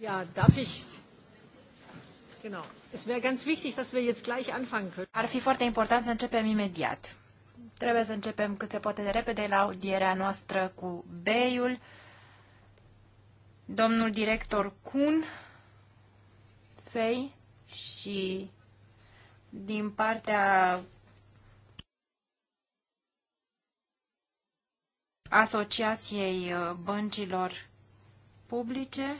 Ja, darf ich? Genau. Es wäre ganz wichtig, dass wir jetzt gleich anfangen können. Ar fi foarte important să începem imediat. Trebuie să începem cât se poate de repede la audierea noastră cu Beiul. Domnul director Kun, Fei și din partea Asociației Băncilor Publice,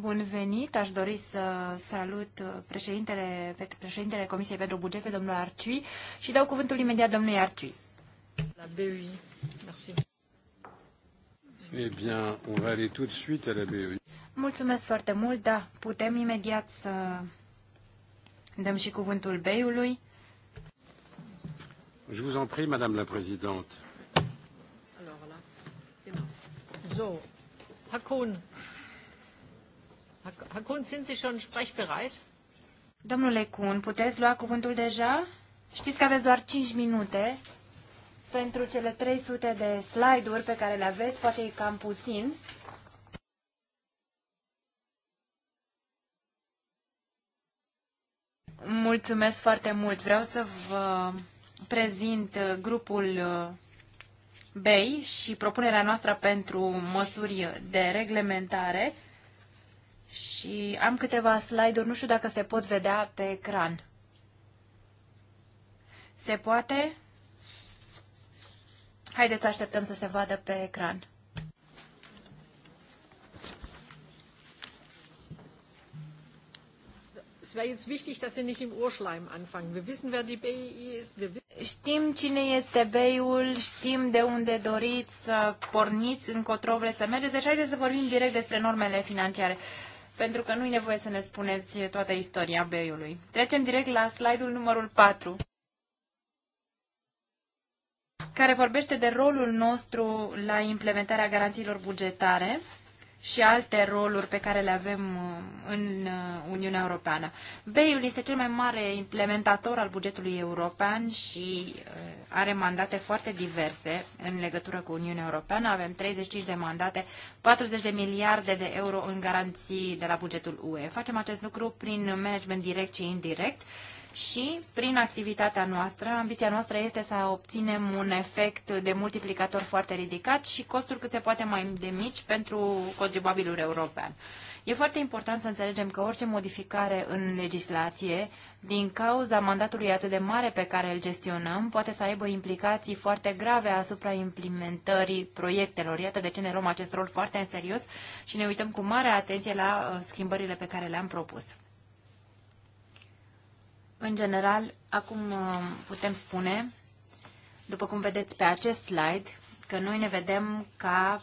Bun venit! Aș dori să salut președintele, președintele Comisiei pentru Bugete, domnul Arciui, și dau cuvântul imediat domnului Arciui. La BUI. Merci. Eh bien, on va aller tout de suite à la BUI. Mulțumesc foarte mult, da, putem imediat să dăm și cuvântul BEI-ului. Je vous en prie, Madame la Présidente. Alors là, so, Hakun, Herr Kuhn, sind Sie schon sprechbereit? Domnule Kuhn, puteți lua cuvântul deja? Știți că aveți doar 5 minute pentru cele 300 de slide-uri pe care le aveți, poate e cam puțin. Mulțumesc foarte mult. Vreau să vă prezint uh, grupul uh, BEI și propunerea noastră pentru măsuri de reglementare și am câteva slide-uri, nu știu dacă se pot vedea pe ecran. Se poate? Haideți, așteptăm să se vadă pe ecran. Știm cine este BEI-ul, știm de unde doriți să porniți, încotro vreți să mergeți, deci haideți să vorbim direct despre normele financiare pentru că nu-i nevoie să ne spuneți toată istoria beiului. Trecem direct la slide-ul numărul 4, care vorbește de rolul nostru la implementarea garanțiilor bugetare și alte roluri pe care le avem uh, în uh, Uniunea Europeană. BEI-ul este cel mai mare implementator al bugetului european și uh, are mandate foarte diverse în legătură cu Uniunea Europeană. Avem 35 de mandate, 40 de miliarde de euro în garanții de la bugetul UE. Facem acest lucru prin management direct și indirect și prin activitatea noastră, ambiția noastră este să obținem un efect de multiplicator foarte ridicat și costuri cât se poate mai de mici pentru contribuabilul european. E foarte important să înțelegem că orice modificare în legislație, din cauza mandatului atât de mare pe care îl gestionăm, poate să aibă implicații foarte grave asupra implementării proiectelor. Iată de ce ne luăm acest rol foarte în serios și ne uităm cu mare atenție la uh, schimbările pe care le-am propus. În general, acum uh, putem spune, după cum vedeți pe acest slide, că noi ne vedem ca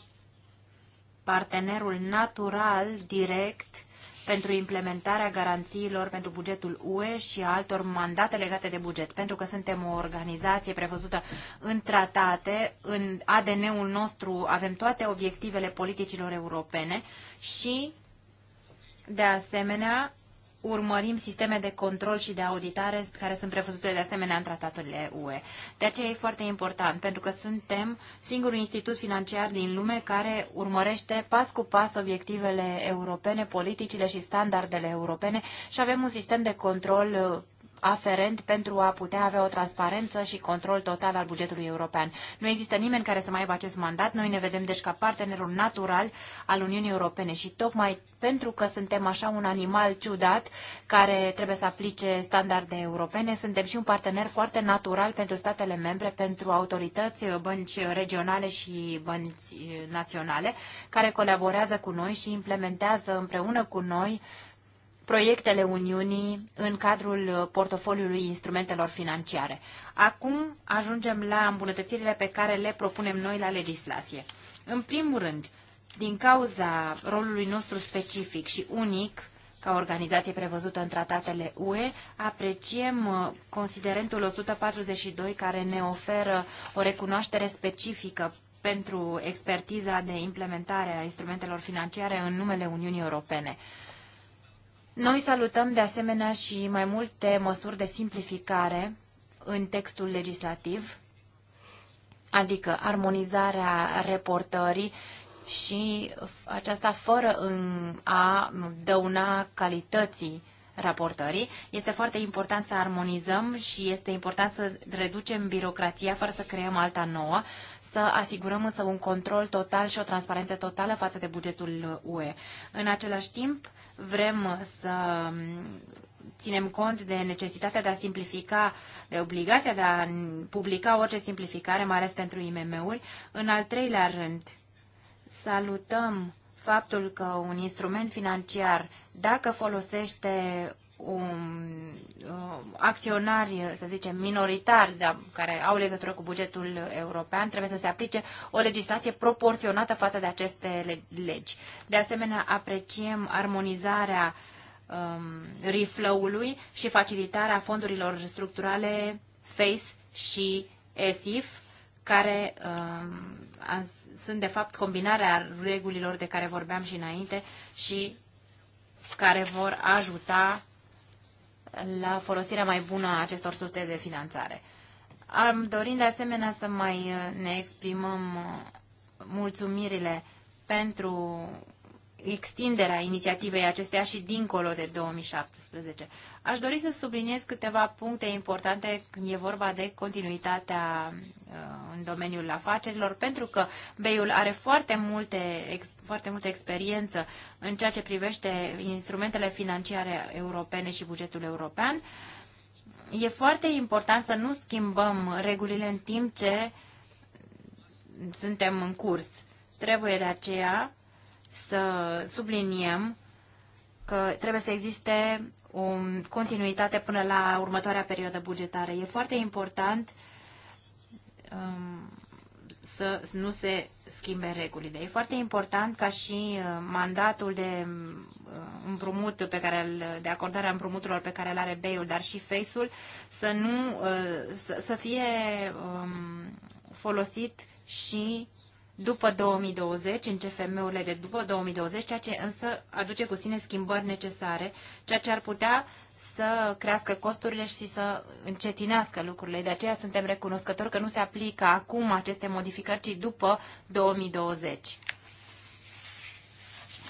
partenerul natural, direct, pentru implementarea garanțiilor pentru bugetul UE și altor mandate legate de buget, pentru că suntem o organizație prevăzută în tratate, în ADN-ul nostru avem toate obiectivele politicilor europene și, de asemenea, urmărim sisteme de control și de auditare care sunt prevăzute de asemenea în tratatele UE. De aceea e foarte important, pentru că suntem singurul institut financiar din lume care urmărește pas cu pas obiectivele europene, politicile și standardele europene și avem un sistem de control uh, aferent pentru a putea avea o transparență și control total al bugetului european. Nu există nimeni care să mai aibă acest mandat. Noi ne vedem deci ca partenerul natural al Uniunii Europene și tocmai pentru că suntem așa un animal ciudat care trebuie să aplice standarde europene, suntem și un partener foarte natural pentru statele membre, pentru autorități, bănci regionale și bănci naționale, care colaborează cu noi și implementează împreună cu noi proiectele Uniunii în cadrul portofoliului instrumentelor financiare. Acum ajungem la îmbunătățirile pe care le propunem noi la legislație. În primul rând, din cauza rolului nostru specific și unic, ca organizație prevăzută în tratatele UE, apreciem uh, considerentul 142 care ne oferă o recunoaștere specifică pentru expertiza de implementare a instrumentelor financiare în numele Uniunii Europene. Noi salutăm de asemenea și mai multe măsuri de simplificare în textul legislativ, adică armonizarea reportării și aceasta fără a dăuna calității raportării. Este foarte important să armonizăm și este important să reducem birocrația fără să creăm alta nouă, să asigurăm însă un control total și o transparență totală față de bugetul UE. În același timp, vrem să um, ținem cont de necesitatea de a simplifica, de obligația de a publica orice simplificare, mai ales pentru IMM-uri. În al treilea rând, salutăm faptul că un instrument financiar, dacă folosește um, uh, acționari, să zicem, minoritari, dar care au legătură cu bugetul european, trebuie să se aplice o legislație proporționată față de aceste legi. De asemenea, apreciem armonizarea um, reflow-ului și facilitarea fondurilor structurale FACE și ESIF, care um, sunt, de fapt, combinarea regulilor de care vorbeam și înainte și care vor ajuta la folosirea mai bună a acestor surse de finanțare. Am dorit de asemenea să mai uh, ne exprimăm uh, mulțumirile pentru extinderea inițiativei acesteia și dincolo de 2017. Aș dori să subliniez câteva puncte importante când e vorba de continuitatea uh, în domeniul afacerilor, pentru că BEI-ul are foarte multe ex- foarte multă experiență în ceea ce privește instrumentele financiare europene și bugetul european, e foarte important să nu schimbăm regulile în timp ce suntem în curs. Trebuie de aceea să subliniem că trebuie să existe o continuitate până la următoarea perioadă bugetară. E foarte important um, să nu se schimbe regulile. E foarte important ca și uh, mandatul de uh, împrumut pe care de acordarea împrumuturilor pe care îl are BEI-ul, dar și FACE-ul să nu uh, să, să fie um, folosit și după 2020, în CFM-urile de după 2020, ceea ce însă aduce cu sine schimbări necesare, ceea ce ar putea să crească costurile și să încetinească lucrurile. De aceea suntem recunoscători că nu se aplică acum aceste modificări, ci după 2020.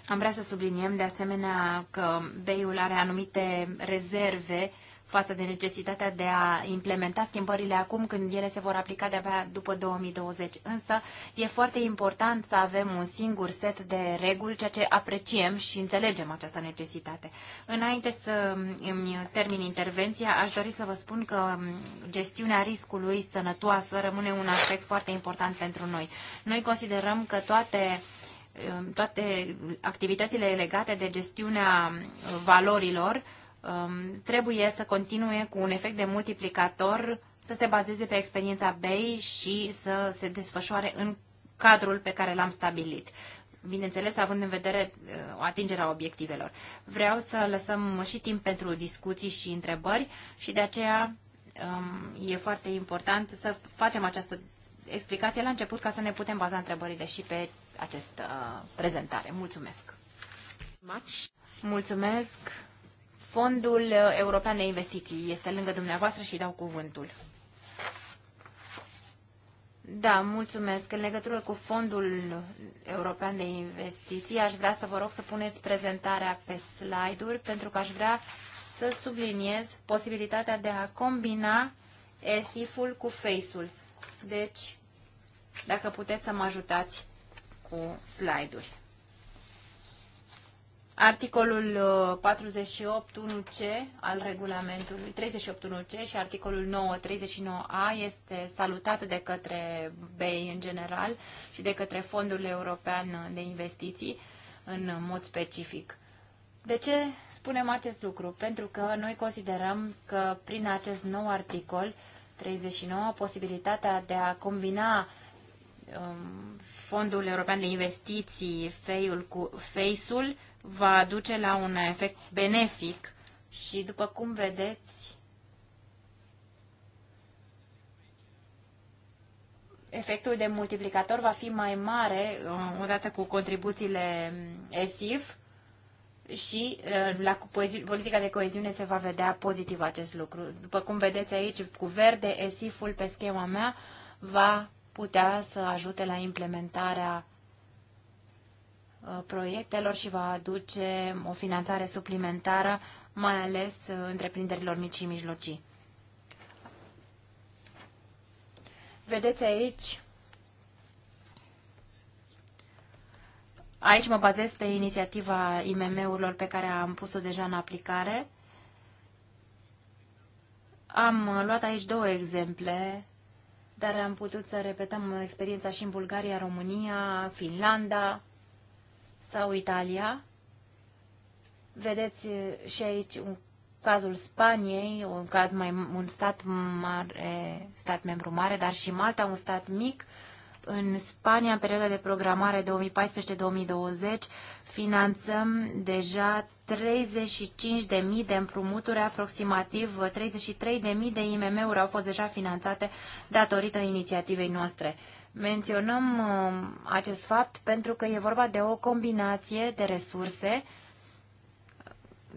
Am vrea să subliniem de asemenea că BEI-ul are anumite rezerve față de necesitatea de a implementa schimbările acum când ele se vor aplica de-abia după 2020. Însă e foarte important să avem un singur set de reguli, ceea ce apreciem și înțelegem această necesitate. Înainte să îmi termin intervenția, aș dori să vă spun că gestiunea riscului sănătoasă rămâne un aspect foarte important pentru noi. Noi considerăm că toate toate activitățile legate de gestiunea valorilor um, trebuie să continue cu un efect de multiplicator, să se bazeze pe experiența BEI și să se desfășoare în cadrul pe care l-am stabilit bineînțeles, având în vedere uh, atingerea obiectivelor. Vreau să lăsăm și timp pentru discuții și întrebări și de aceea um, e foarte important să facem această explicație la început ca să ne putem baza întrebările și pe această uh, prezentare. Mulțumesc! Much. Mulțumesc! Fondul European de Investiții este lângă dumneavoastră și dau cuvântul. Da, mulțumesc. În legătură cu Fondul European de Investiții, aș vrea să vă rog să puneți prezentarea pe slide-uri, pentru că aș vrea să subliniez posibilitatea de a combina ESIF-ul cu Face-ul. Deci, dacă puteți să mă ajutați cu slide-uri articolul 48.1c uh, al regulamentului, 38.1c și articolul 9.39a este salutat de către BEI în general și de către Fondul European de Investiții în mod specific. De ce spunem acest lucru? Pentru că noi considerăm că prin acest nou articol 39 posibilitatea de a combina um, Fondul European de Investiții, FEI-ul cu, feis ul va aduce la un efect benefic și, după cum vedeți, efectul de multiplicator va fi mai mare uh, odată cu contribuțiile mm, ESIF și uh, la politica de coeziune se va vedea pozitiv acest lucru. După cum vedeți aici, cu verde, ESIF-ul pe schema mea va putea să ajute la implementarea Uh, proiectelor și va aduce o finanțare suplimentară, mai ales uh, întreprinderilor mici și mijlocii. Vedeți aici, aici mă bazez pe inițiativa IMM-urilor pe care am pus-o deja în aplicare. Am uh, luat aici două exemple, dar am putut să repetăm experiența și în Bulgaria, România, Finlanda, sau Italia. Vedeți eh, și aici un cazul Spaniei, un caz mai un stat mare, stat membru mare, dar și Malta, un stat mic. În Spania, în perioada de programare 2014-2020, finanțăm deja 35.000 de împrumuturi, aproximativ 33.000 de IMM-uri au fost deja finanțate datorită inițiativei noastre. Menționăm uh, acest fapt pentru că e vorba de o combinație de resurse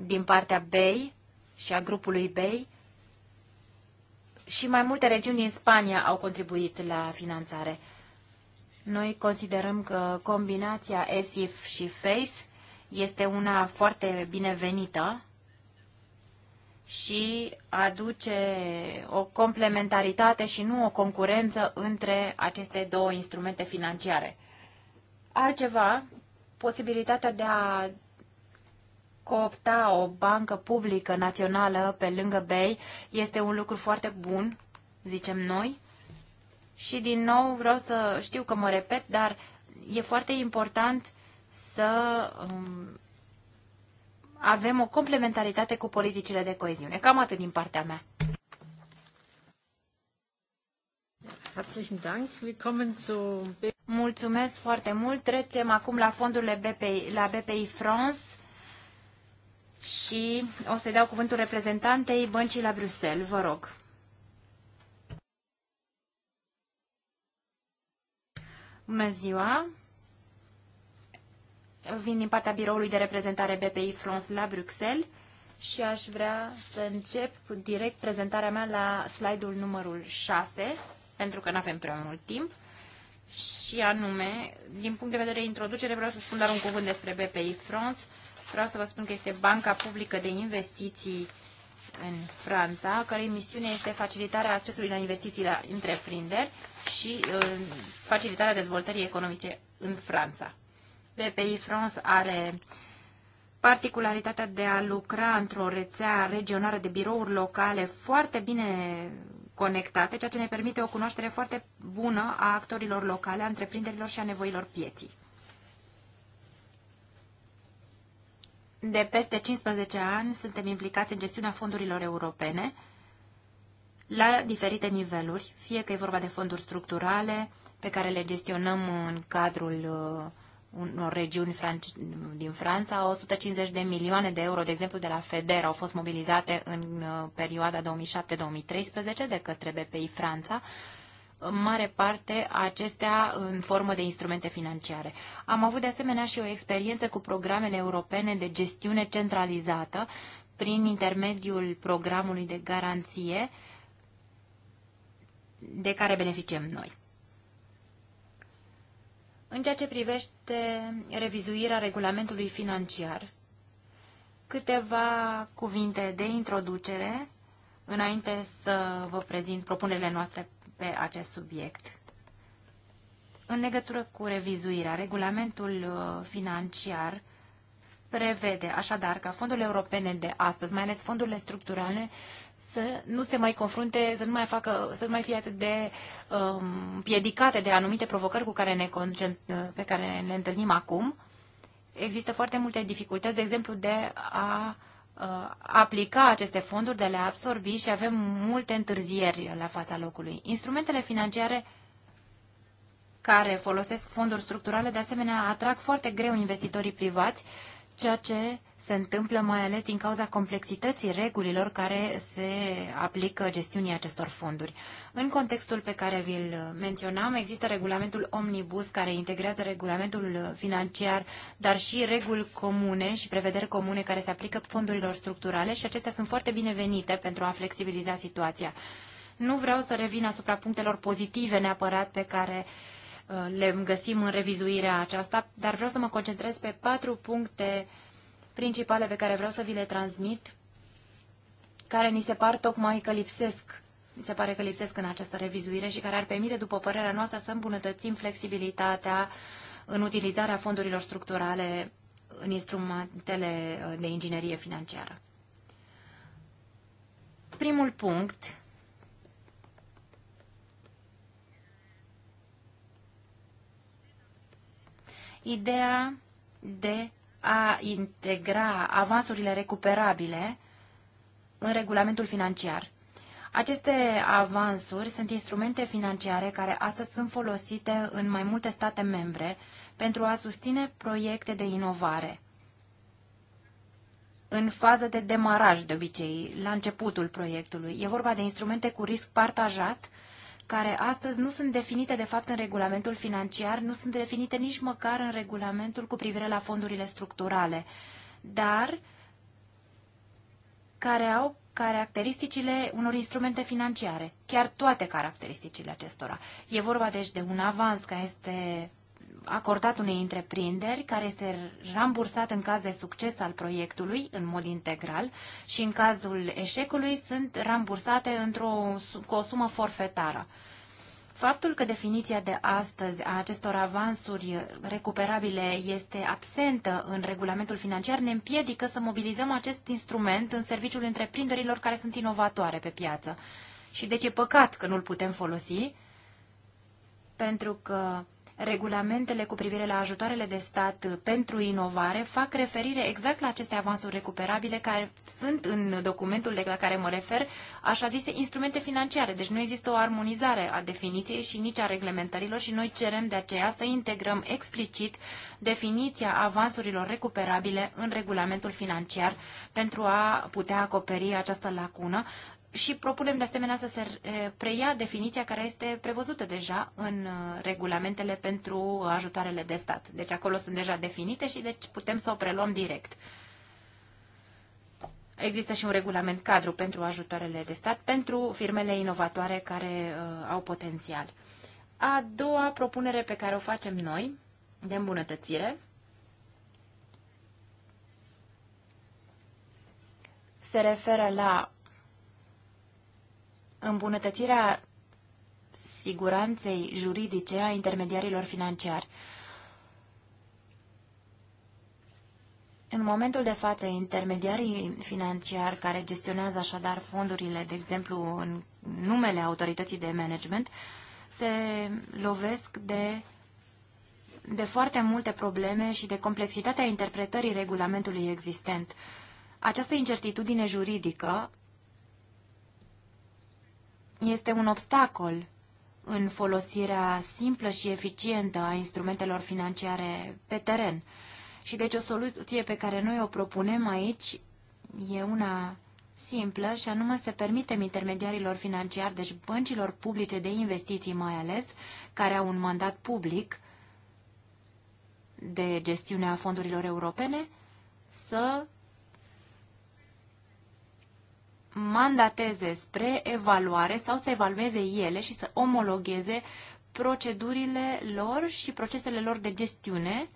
din partea BEI și a grupului BEI și mai multe regiuni din Spania au contribuit la finanțare. Noi considerăm că combinația ESIF și FACE este una foarte binevenită și aduce o complementaritate și nu o concurență între aceste două instrumente financiare. Altceva, posibilitatea de a coopta o bancă publică națională pe lângă BEI este un lucru foarte bun, zicem noi. Și din nou vreau să știu că mă repet, dar e foarte important să um, avem o complementaritate cu politicile de coeziune. Cam atât din partea mea. Mulțumesc foarte mult. Trecem acum la fondurile BPI, la BPI France și o să-i dau cuvântul reprezentantei băncii la Bruxelles. Vă rog. Bună ziua! vin din partea biroului de reprezentare BPI France la Bruxelles și aș vrea să încep cu direct prezentarea mea la slide-ul numărul 6, pentru că nu avem prea mult timp. Și anume, din punct de vedere introducere, vreau să spun doar un cuvânt despre BPI France. Vreau să vă spun că este banca publică de investiții în Franța, cărei misiune este facilitarea accesului la investiții la întreprinderi și uh, facilitarea dezvoltării economice în Franța. PPI France are particularitatea de a lucra într-o rețea regională de birouri locale foarte bine conectate, ceea ce ne permite o cunoaștere foarte bună a actorilor locale, a întreprinderilor și a nevoilor pieții. De peste 15 ani suntem implicați în gestiunea fondurilor europene la diferite niveluri, fie că e vorba de fonduri structurale pe care le gestionăm în cadrul uh, unor regiuni din Franța. 150 de milioane de euro, de exemplu, de la FEDER au fost mobilizate în uh, perioada 2007-2013 de către BPI Franța în mare parte acestea în formă de instrumente financiare. Am avut de asemenea și o experiență cu programele europene de gestiune centralizată prin intermediul programului de garanție de care beneficiem noi. În ceea ce privește revizuirea regulamentului financiar, câteva cuvinte de introducere înainte să vă prezint propunerile noastre pe acest subiect. În legătură cu revizuirea, regulamentul uh, financiar prevede așadar ca fondurile europene de astăzi, mai ales fondurile structurale, să nu se mai confrunte, să nu mai, facă, să nu mai fie atât de um, piedicate de anumite provocări cu care ne pe care ne întâlnim acum. Există foarte multe dificultăți, de exemplu, de a uh, aplica aceste fonduri, de a le absorbi și avem multe întârzieri la fața locului. Instrumentele financiare care folosesc fonduri structurale, de asemenea, atrag foarte greu investitorii privați uh, ceea ce se întâmplă mai ales din cauza complexității regulilor care se aplică gestiunii acestor fonduri. În contextul pe care vi-l menționam, există regulamentul Omnibus care integrează regulamentul financiar, dar și reguli comune și prevederi comune care se aplică fondurilor structurale și acestea sunt foarte binevenite pentru a flexibiliza situația. Nu vreau să revin asupra punctelor pozitive neapărat pe care uh, le găsim în revizuirea aceasta, dar vreau să mă concentrez pe patru puncte principale pe care vreau să vi le transmit, care ni se par tocmai că lipsesc, mi se pare că lipsesc în această revizuire și care ar permite, după părerea noastră, să îmbunătățim flexibilitatea în utilizarea fondurilor structurale în instrumentele uh, de inginerie financiară. Primul punct ideea de a integra avansurile recuperabile în regulamentul financiar. Aceste avansuri sunt instrumente financiare care astăzi sunt folosite în mai multe state membre pentru a susține proiecte de inovare. În fază de demaraj, de obicei, la începutul proiectului, e vorba de instrumente cu risc partajat care astăzi nu sunt definite de fapt în regulamentul financiar, nu sunt definite nici măcar în regulamentul cu privire la fondurile structurale, dar care au caracteristicile unor instrumente financiare, chiar toate caracteristicile acestora. E vorba deci de un avans care este acordat unei întreprinderi care este rambursat în caz de succes al proiectului în mod integral și în cazul eșecului sunt rambursate într-o, cu o sumă forfetară. Faptul că definiția de astăzi a acestor avansuri recuperabile este absentă în regulamentul financiar ne împiedică să mobilizăm acest instrument în serviciul întreprinderilor care sunt inovatoare pe piață. Și deci e păcat că nu-l putem folosi, pentru că regulamentele cu privire la ajutoarele de stat pentru inovare fac referire exact la aceste avansuri recuperabile care sunt în documentul la care mă refer, așa zise, instrumente financiare. Deci nu există o armonizare a definiției și nici a reglementărilor și noi cerem de aceea să integrăm explicit definiția avansurilor recuperabile în regulamentul financiar pentru a putea acoperi această lacună și propunem de asemenea să se preia definiția care este prevăzută deja în regulamentele pentru ajutoarele de stat. Deci acolo sunt deja definite și deci putem să o preluăm direct. Există și un regulament cadru pentru ajutoarele de stat pentru firmele inovatoare care uh, au potențial. A doua propunere pe care o facem noi de îmbunătățire se referă la îmbunătățirea siguranței juridice a intermediarilor financiari. În momentul de față, intermediarii financiari care gestionează așadar fondurile, de exemplu în numele autorității de management, se lovesc de, de foarte multe probleme și de complexitatea interpretării regulamentului existent. Această incertitudine juridică este un obstacol în folosirea simplă și eficientă a instrumentelor financiare pe teren. Și deci o soluție pe care noi o propunem aici e una simplă și anume să permitem intermediarilor financiari, deci băncilor publice de investiții mai ales, care au un mandat public de gestiune a fondurilor europene, să mandateze spre evaluare sau să evalueze ele și să omologheze procedurile lor și procesele lor de gestiune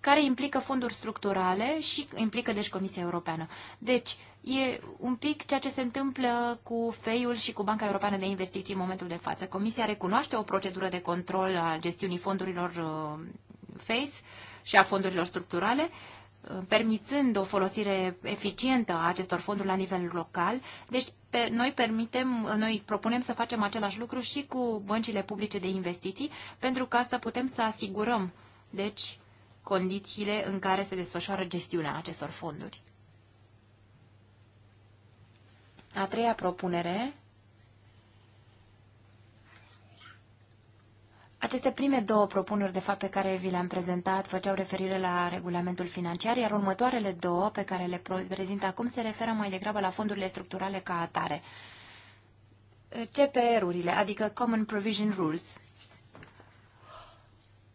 care implică fonduri structurale și implică, deci, Comisia Europeană. Deci, e un pic ceea ce se întâmplă cu FEI-ul și cu Banca Europeană de Investiții în momentul de față. Comisia recunoaște o procedură de control a gestiunii fondurilor uh, FACE și a fondurilor structurale, permițând o folosire eficientă a acestor fonduri la nivel local. Deci pe, noi permitem, noi propunem să facem același lucru și cu băncile publice de investiții pentru ca să putem să asigurăm deci condițiile în care se desfășoară gestiunea acestor fonduri. A treia propunere Aceste prime două propuneri, de fapt, pe care vi le-am prezentat, făceau referire la regulamentul financiar, iar următoarele două, pe care le prezint acum, se referă mai degrabă la fondurile structurale ca atare. CPR-urile, adică Common Provision Rules.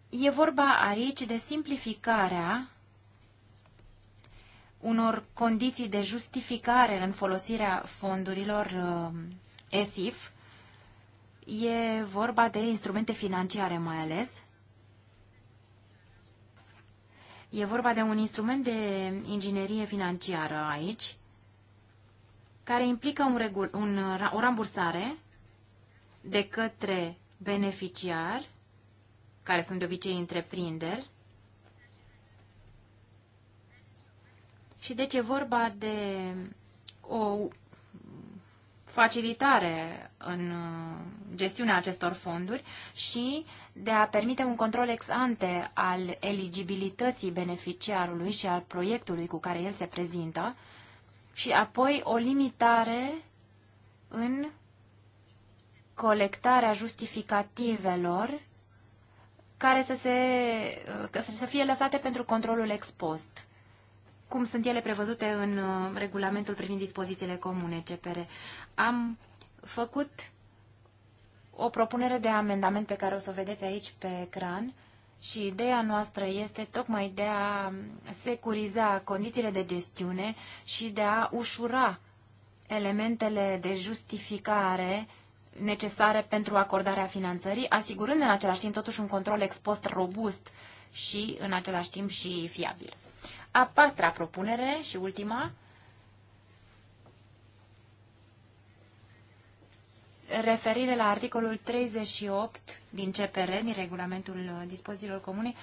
E vorba aici de simplificarea unor condiții de justificare în folosirea fondurilor ESIF, uh, E vorba de instrumente financiare mai ales. E vorba de un instrument de inginerie financiară aici, care implică un regul, un, o rambursare de către beneficiar, care sunt de obicei întreprinderi, și deci e vorba de o facilitare în uh, gestiunea acestor fonduri și de a permite un control ex ante al eligibilității beneficiarului și al proiectului cu care el se prezintă și apoi o limitare în colectarea justificativelor care să, se, uh, să fie lăsate pentru controlul ex post cum sunt ele prevăzute în uh, regulamentul privind dispozițiile comune CPR. Am făcut o propunere de amendament pe care o să o vedeți aici pe ecran și ideea noastră este tocmai de a securiza condițiile de gestiune și de a ușura elementele de justificare necesare pentru acordarea finanțării, asigurând în același timp totuși un control expost robust și în același timp și fiabil. A patra propunere și ultima referire la articolul 38 din CPR, din regulamentul uh, dispozițiilor comune,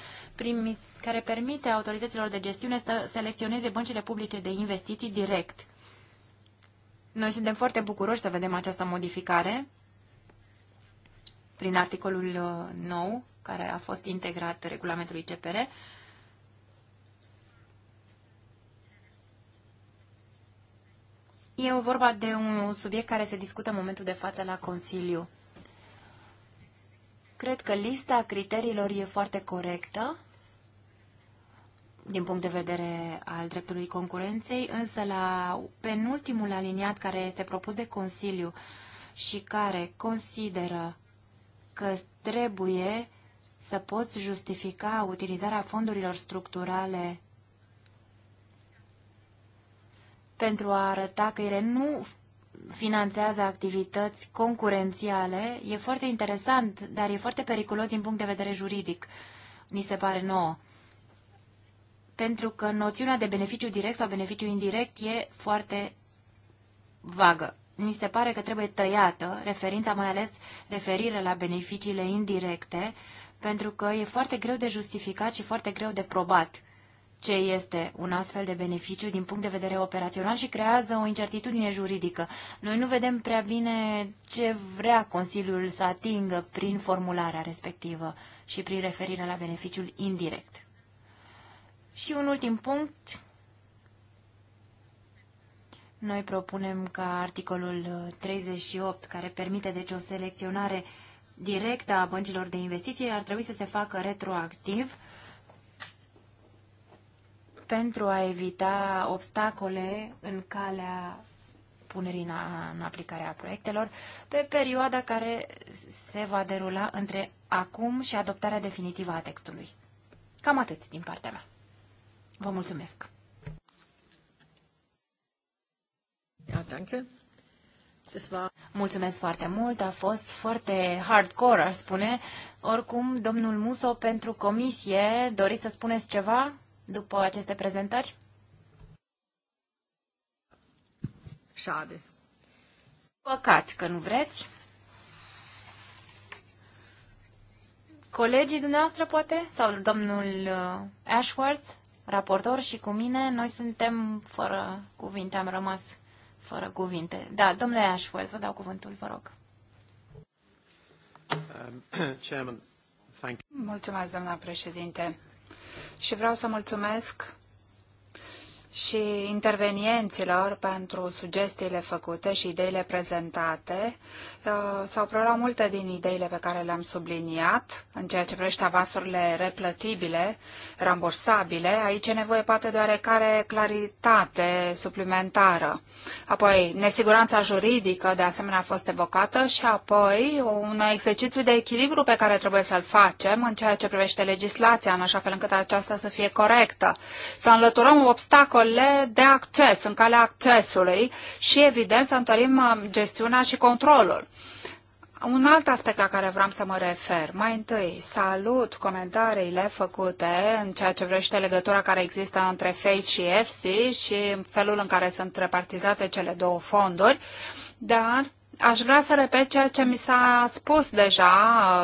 care permite autorităților de gestiune să selecționeze băncile publice de investiții direct. Noi suntem foarte bucuroși să vedem această modificare prin articolul uh, nou care a fost integrat regulamentului CPR E o vorba de un subiect care se discută în momentul de față la Consiliu. Cred că lista criteriilor e foarte corectă din punct de vedere al dreptului concurenței, însă la penultimul aliniat care este propus de Consiliu și care consideră că trebuie să poți justifica utilizarea fondurilor structurale pentru a arăta că ele nu finanțează activități concurențiale, e foarte interesant, dar e foarte periculos din punct de vedere juridic, ni se pare nouă. Pentru că noțiunea de beneficiu direct sau beneficiu indirect e foarte vagă. Ni se pare că trebuie tăiată referința, mai ales referire la beneficiile indirecte, pentru că e foarte greu de justificat și foarte greu de probat ce este un astfel de beneficiu din punct de vedere operațional și creează o incertitudine juridică. Noi nu vedem prea bine ce vrea Consiliul să atingă prin formularea respectivă și prin referire la beneficiul indirect. Și un ultim punct. Noi propunem ca articolul 38, care permite deci o selecționare directă a băncilor de investiție, ar trebui să se facă retroactiv pentru a evita obstacole în calea punerii în aplicare a proiectelor pe perioada care se va derula între acum și adoptarea definitivă a textului. Cam atât din partea mea. Vă mulțumesc! Mulțumesc foarte mult, a fost foarte hardcore, ar spune. Oricum, domnul Muso, pentru comisie, doriți să spuneți ceva? după aceste prezentări? Șade. Păcat că nu vreți. Colegii dumneavoastră, poate? Sau domnul uh, Ashworth, raportor și cu mine, noi suntem fără cuvinte, am rămas fără cuvinte. Da, domnule Ashworth, vă dau cuvântul, vă rog. Um, Mulțumesc, doamna președinte și vreau să mulțumesc și intervenienților pentru sugestiile făcute și ideile prezentate. Uh, s-au preluat multe din ideile pe care le-am subliniat în ceea ce privește avansurile replătibile, rambursabile. Aici e nevoie poate de oarecare claritate suplimentară. Apoi, nesiguranța juridică de asemenea a fost evocată și apoi un exercițiu de echilibru pe care trebuie să-l facem în ceea ce privește legislația, în așa fel încât aceasta să fie corectă. Să înlăturăm obstacole obstacole de acces, în calea accesului și, evident, să întărim um, gestiunea și controlul. Un alt aspect la care vreau să mă refer. Mai întâi, salut comentariile făcute în ceea ce vrește legătura care există între FACE și EFSI și felul în care sunt repartizate cele două fonduri, dar Aș vrea să repet ceea ce mi s-a spus deja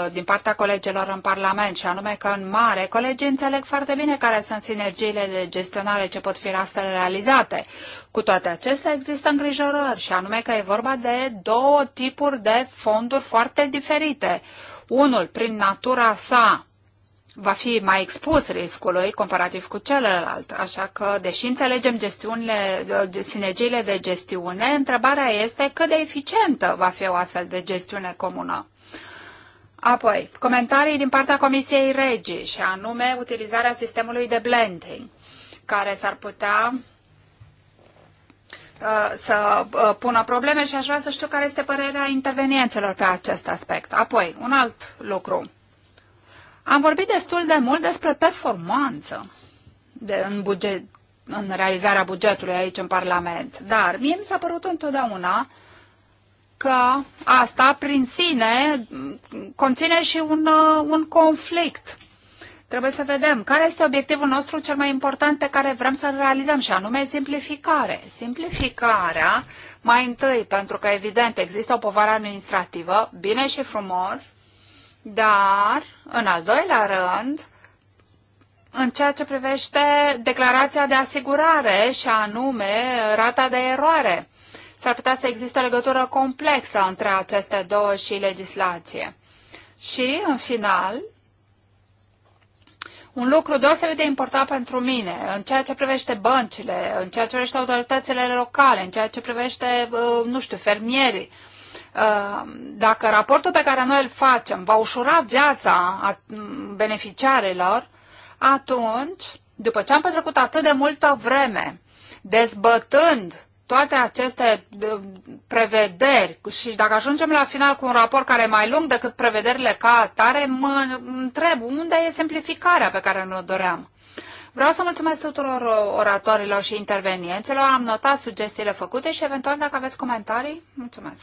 uh, din partea colegilor în Parlament, și anume că în mare colegii înțeleg foarte bine care sunt sinergiile de gestionare ce pot fi astfel realizate. Cu toate acestea există îngrijorări, și anume că e vorba de două tipuri de fonduri foarte diferite. Unul, prin natura sa, va fi mai expus riscului comparativ cu celălalt. Așa că, deși înțelegem gestiunile, sinergiile de gestiune, întrebarea este cât de eficientă va fi o astfel de gestiune comună. Apoi, comentarii din partea Comisiei Regi, și anume utilizarea sistemului de blending, care s-ar putea uh, să uh, pună probleme și aș vrea să știu care este părerea intervenienților pe acest aspect. Apoi, un alt lucru. Am vorbit destul de mult despre performanță de, în, buget, în realizarea bugetului aici în Parlament, dar mie mi s-a părut întotdeauna că asta prin sine conține și un, uh, un conflict. Trebuie să vedem care este obiectivul nostru cel mai important pe care vrem să-l realizăm și anume simplificare. Simplificarea, mai întâi, pentru că evident există o povară administrativă, bine și frumos, dar, în al doilea rând, în ceea ce privește declarația de asigurare și anume rata de eroare. S-ar putea să existe o legătură complexă între aceste două și legislație. Și, în final, un lucru deosebit de important pentru mine, în ceea ce privește băncile, în ceea ce privește autoritățile locale, în ceea ce privește, uh, nu știu, fermierii, Ehm, dacă raportul pe care noi îl facem va ușura viața beneficiarilor, atunci, după ce am petrecut atât de multă vreme dezbătând toate aceste prevederi și dacă ajungem la final cu un raport care e mai lung decât prevederile ca atare, mă întreb unde e simplificarea pe care ne-o doream. Vreau să mulțumesc tuturor oratorilor și intervenienților, am notat sugestiile făcute și eventual dacă aveți comentarii, mulțumesc.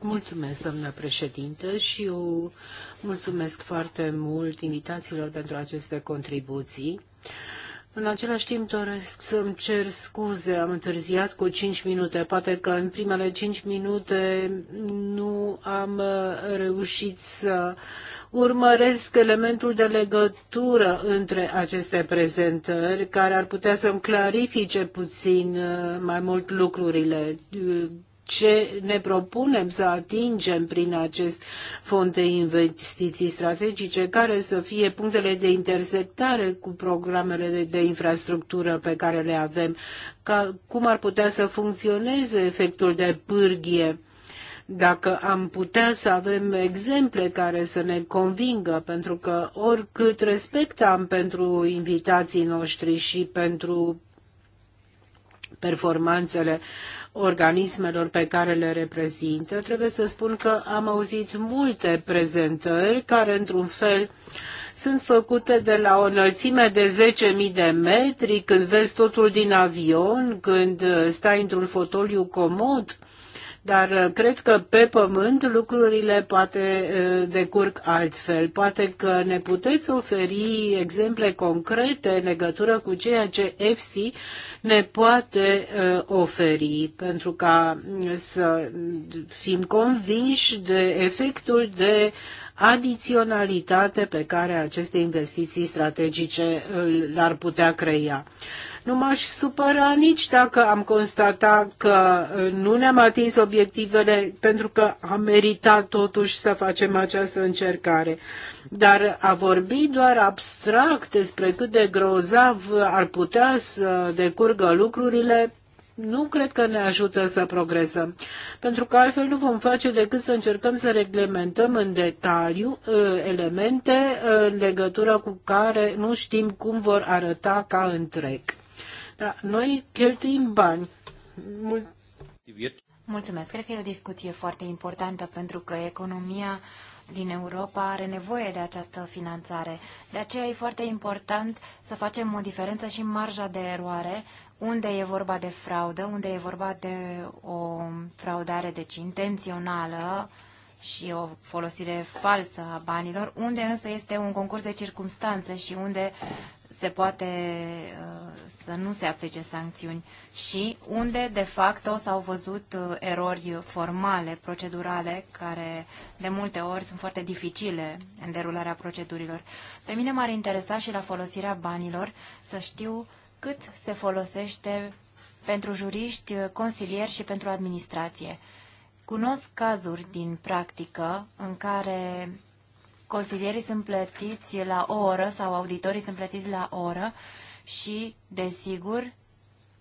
Mulțumesc, doamnă președintă, și eu mulțumesc foarte mult invitațiilor pentru aceste contribuții. În același timp doresc să-mi cer scuze, am întârziat cu 5 minute, poate că în primele 5 minute nu am uh, reușit să urmăresc elementul de legătură între aceste prezentări, care ar putea să-mi clarifice puțin uh, mai mult lucrurile ce ne propunem să atingem prin acest fond de investiții strategice, care să fie punctele de intersectare cu programele de, de infrastructură pe care le avem, ca, cum ar putea să funcționeze efectul de pârghie dacă am putea să avem exemple care să ne convingă, pentru că oricât respect am pentru invitații noștri și pentru performanțele organismelor pe care le reprezintă, trebuie să spun că am auzit multe prezentări care, într-un fel, sunt făcute de la o înălțime de 10.000 de metri, când vezi totul din avion, când stai într-un fotoliu comod dar uh, cred că pe pământ lucrurile poate uh, decurg altfel. Poate că ne puteți oferi exemple concrete în legătură cu ceea ce FC ne poate uh, oferi pentru ca să fim convinși de efectul de uh, adiționalitate pe care aceste investiții strategice l-ar putea crea. Nu m-aș supăra nici dacă am constatat că uh, nu ne-am atins obiectivele, pentru că am meritat totuși să facem această încercare. Dar a vorbi doar abstract despre cât de grozav ar putea să decurgă lucrurile, nu cred că ne ajută să progresăm, pentru că altfel nu vom face decât să încercăm să reglementăm în detaliu uh, elemente uh, în legătură cu care nu știm cum vor arăta ca întreg. Da, noi cheltuim bani. Mul- Mulțumesc. Cred că e o discuție foarte importantă pentru că economia din Europa are nevoie de această finanțare. De aceea e foarte important să facem o diferență și în marja de eroare unde e vorba de fraudă, unde e vorba de o fraudare deci intențională și o folosire falsă a banilor, unde însă este un concurs de circunstanțe și unde se poate uh, să nu se aplice sancțiuni și unde, de facto, s-au văzut uh, erori formale, procedurale, care de multe ori sunt foarte dificile în derularea procedurilor. Pe mine m-ar interesa și la folosirea banilor să știu uh, cât se folosește pentru juriști, consilieri și pentru administrație. Cunosc cazuri din practică în care consilierii sunt plătiți la o oră sau auditorii sunt plătiți la o oră și, desigur,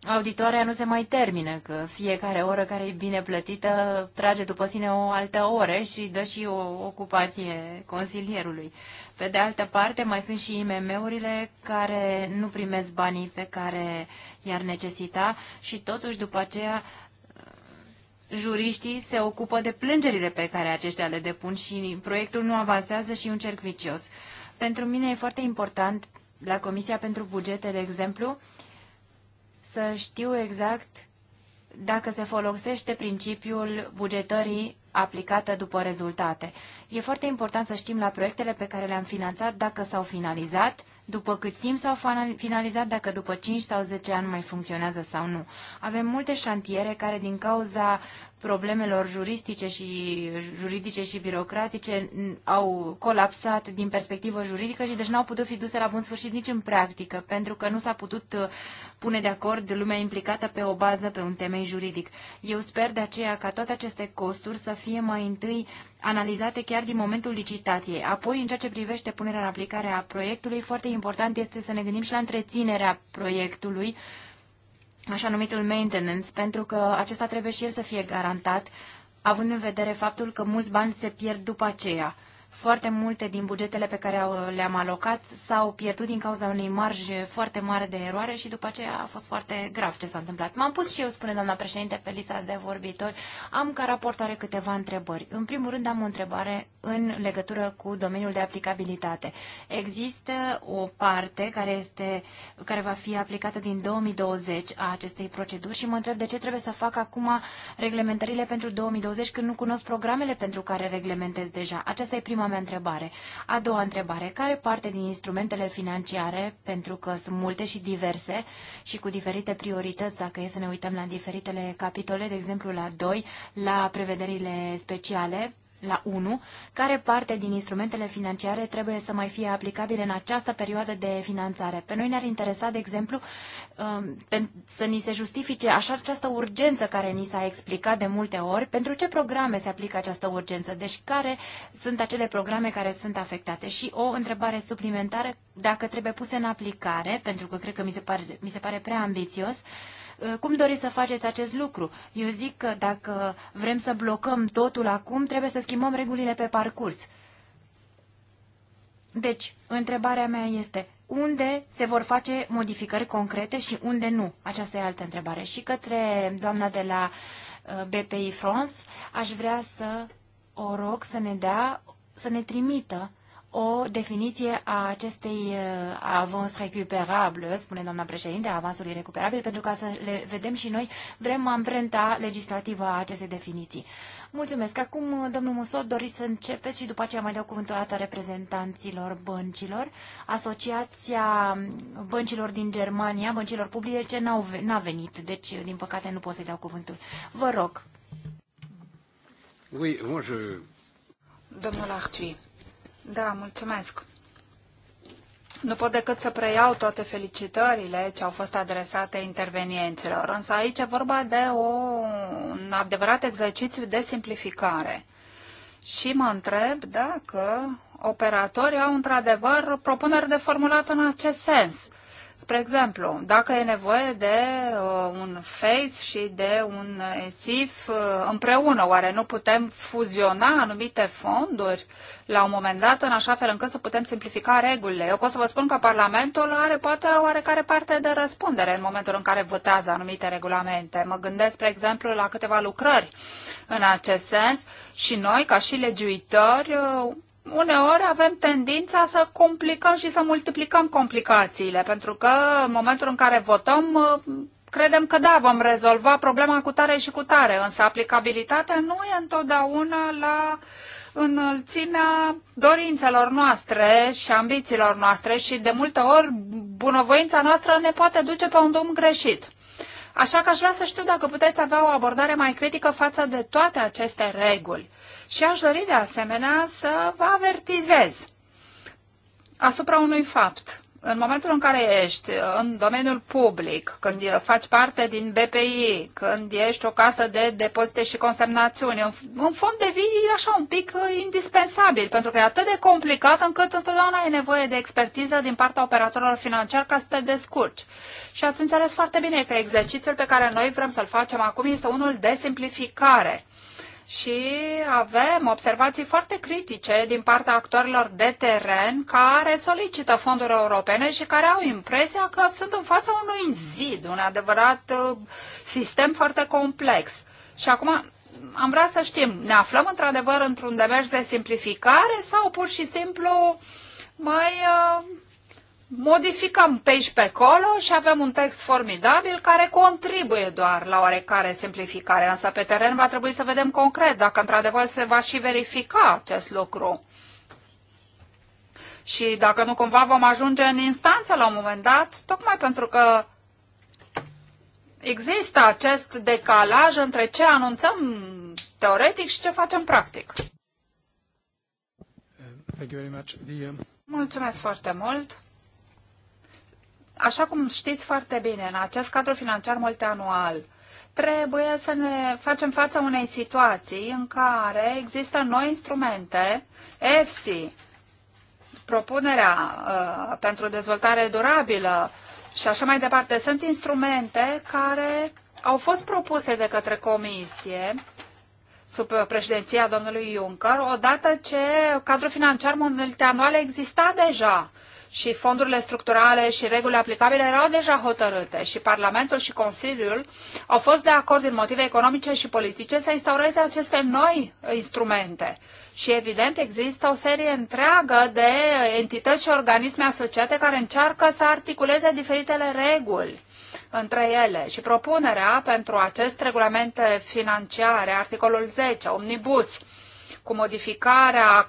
auditoarea nu se mai termină, că fiecare oră care e bine plătită trage după sine o altă oră și dă și o ocupație consilierului. Pe de altă parte, mai sunt și IMM-urile care nu primesc banii pe care i-ar necesita și totuși după aceea uh, juriștii se ocupă de plângerile pe care aceștia le depun și proiectul nu avansează și un cerc vicios. Pentru mine e foarte important la Comisia pentru Bugete, de exemplu, să știu exact dacă se folosește principiul bugetării aplicată după rezultate. E foarte important să știm la proiectele pe care le-am finanțat dacă s-au finalizat, după cât timp s-au finalizat, dacă după 5 sau 10 ani mai funcționează sau nu. Avem multe șantiere care din cauza problemelor juristice și, juridice și birocratice au colapsat din perspectivă juridică și deci n-au putut fi duse la bun sfârșit nici în practică, pentru că nu s-a putut uh, pune de acord lumea implicată pe o bază, pe un temei juridic. Eu sper de aceea ca toate aceste costuri să fie mai întâi analizate chiar din momentul licitației. Apoi, în ceea ce privește punerea în aplicare a proiectului, foarte important este să ne gândim și la întreținerea proiectului, așa numitul maintenance, pentru că acesta trebuie și el să fie garantat, având în vedere faptul că mulți bani se pierd după aceea. Foarte multe din bugetele pe care le-am alocat s-au pierdut din cauza unei marji foarte mare de eroare și după aceea a fost foarte grav ce s-a întâmplat. M-am pus și eu, spune doamna președinte, pe lista de vorbitori. Am ca raportoare câteva întrebări. În primul rând am o întrebare în legătură cu domeniul de aplicabilitate. Există o parte care, este, care va fi aplicată din 2020 a acestei proceduri și mă întreb de ce trebuie să fac acum reglementările pentru 2020 când nu cunosc programele pentru care reglementez deja. Aceasta e prima prima mea întrebare. A doua întrebare, care parte din instrumentele financiare, pentru că sunt multe și diverse și cu diferite priorități, dacă e să ne uităm la diferitele capitole, de exemplu la 2, la prevederile speciale, la 1, care parte din instrumentele financiare trebuie să mai fie aplicabile în această perioadă de finanțare. Pe noi ne-ar interesa, de exemplu, um, să ni se justifice așa această urgență care ni s-a explicat de multe ori, pentru ce programe se aplică această urgență, deci care sunt acele programe care sunt afectate. Și o întrebare suplimentară, dacă trebuie puse în aplicare, pentru că cred că mi se pare, mi se pare prea ambițios, Uh, cum doriți să faceți acest lucru? Eu zic că dacă vrem să blocăm totul acum, trebuie să schimbăm regulile pe parcurs. Deci, întrebarea mea este, unde se vor face modificări concrete și unde nu? Aceasta e altă întrebare. Și către doamna de la uh, BPI France, aș vrea să o rog să ne dea, să ne trimită o definiție a acestei avans recuperabil, spune doamna președinte, a avansului recuperabil, pentru ca să le vedem și noi, vrem amprenta legislativă a acestei definiții. Mulțumesc. Acum, domnul Musot, doriți să începeți și după aceea mai dau cuvântul dată reprezentanților băncilor. Asociația băncilor din Germania, băncilor publice, n-a venit, deci, din păcate, nu pot să-i dau cuvântul. Vă rog. Oui, moi je... Domnul Artui. Da, mulțumesc. Nu pot decât să preiau toate felicitările ce au fost adresate intervenienților, însă aici e vorba de o, un adevărat exercițiu de simplificare. Și mă întreb dacă operatorii au într-adevăr propuneri de formulat în acest sens. Spre exemplu, dacă e nevoie de uh, un FACE și de un ESIF uh, împreună, oare nu putem fuziona anumite fonduri la un moment dat în așa fel încât să putem simplifica regulile? Eu pot să vă spun că Parlamentul are poate oarecare parte de răspundere în momentul în care votează anumite regulamente. Mă gândesc, spre exemplu, la câteva lucrări în acest sens și noi, ca și legiuitori, uh, uneori avem tendința să complicăm și să multiplicăm complicațiile, pentru că în momentul în care votăm, uh, credem că da, vom rezolva problema cu tare și cu tare, însă aplicabilitatea nu e întotdeauna la înălțimea dorințelor noastre și ambițiilor noastre și de multe ori bunăvoința noastră ne poate duce pe un drum greșit. Așa că aș vrea să știu dacă puteți avea o abordare mai critică față de toate aceste reguli. Și aș dori de asemenea să vă avertizez asupra unui fapt în momentul în care ești uh, în domeniul public, când uh, faci parte din BPI, când ești o casă de depozite și consemnațiuni, în, în fond devii așa un pic uh, indispensabil, pentru că e atât de complicat încât întotdeauna ai nevoie de expertiză din partea operatorilor financiari ca să te descurci. Și ați înțeles foarte bine că exercițiul pe care noi vrem să-l facem acum este unul de simplificare și avem observații foarte critice din partea actorilor de teren care solicită fonduri europene și care au impresia că sunt în fața unui zid, un adevărat uh, sistem foarte complex. Și acum am vrea să știm, ne aflăm într-adevăr într-un demers de simplificare sau pur și simplu mai uh, modificăm pe aici pe acolo și avem un text formidabil care contribuie doar la oarecare simplificare, însă pe teren va trebui să vedem concret dacă într-adevăr se va și verifica acest lucru. Și dacă nu cumva vom ajunge în instanță la un moment dat, tocmai pentru că există acest decalaj între ce anunțăm teoretic și ce facem practic. Um, Mulțumesc foarte mult. Așa cum știți foarte bine, în acest cadru financiar multianual, trebuie să ne facem față unei situații în care există noi instrumente, EFSI, propunerea uh, pentru dezvoltare durabilă și așa mai departe. Sunt instrumente care au fost propuse de către comisie sub președinția domnului Juncker, odată ce cadrul financiar multianual exista deja și fondurile structurale și regulile aplicabile erau deja hotărâte și Parlamentul și Consiliul au fost de acord din motive economice și politice să instaureze aceste noi instrumente. Și evident există o serie întreagă de entități și organisme asociate care încearcă să articuleze diferitele reguli între ele și propunerea pentru acest regulament financiar, articolul 10, omnibus, cu modificarea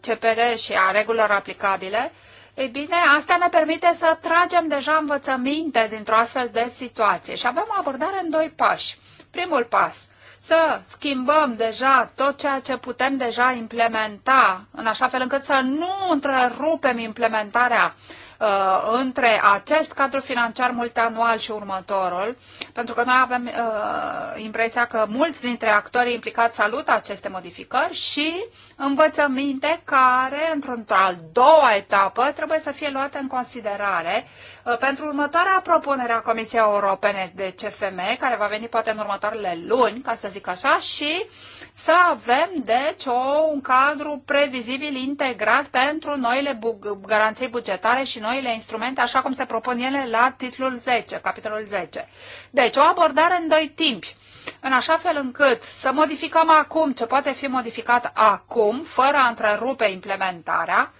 CPR și a regulilor aplicabile, ei bine, asta ne permite să tragem deja învățăminte dintr-o astfel de situație și avem o abordare în doi pași. Primul pas, să schimbăm deja tot ceea ce putem deja implementa, în așa fel încât să nu întrerupem implementarea uh, între acest cadru financiar multianual și următorul, pentru că noi avem uh, impresia că mulți dintre actorii implicați salută aceste modificări și învățăminte care, într-o al doua etapă, trebuie să fie luate în considerare uh, pentru următoarea propunere a Comisiei Europene de CFM, care va veni poate în următoarele luni, ca să zic așa, și uh, să avem, deci, o, un cadru previzibil integrat pentru noile bu- garanții bugetare și noile instrumente, așa cum se propun ele la titlul 10, capitolul 10. Deci, o abordare în doi timpi în așa fel încât să modificăm acum ce poate fi modificat acum, fără a întrerupe implementarea,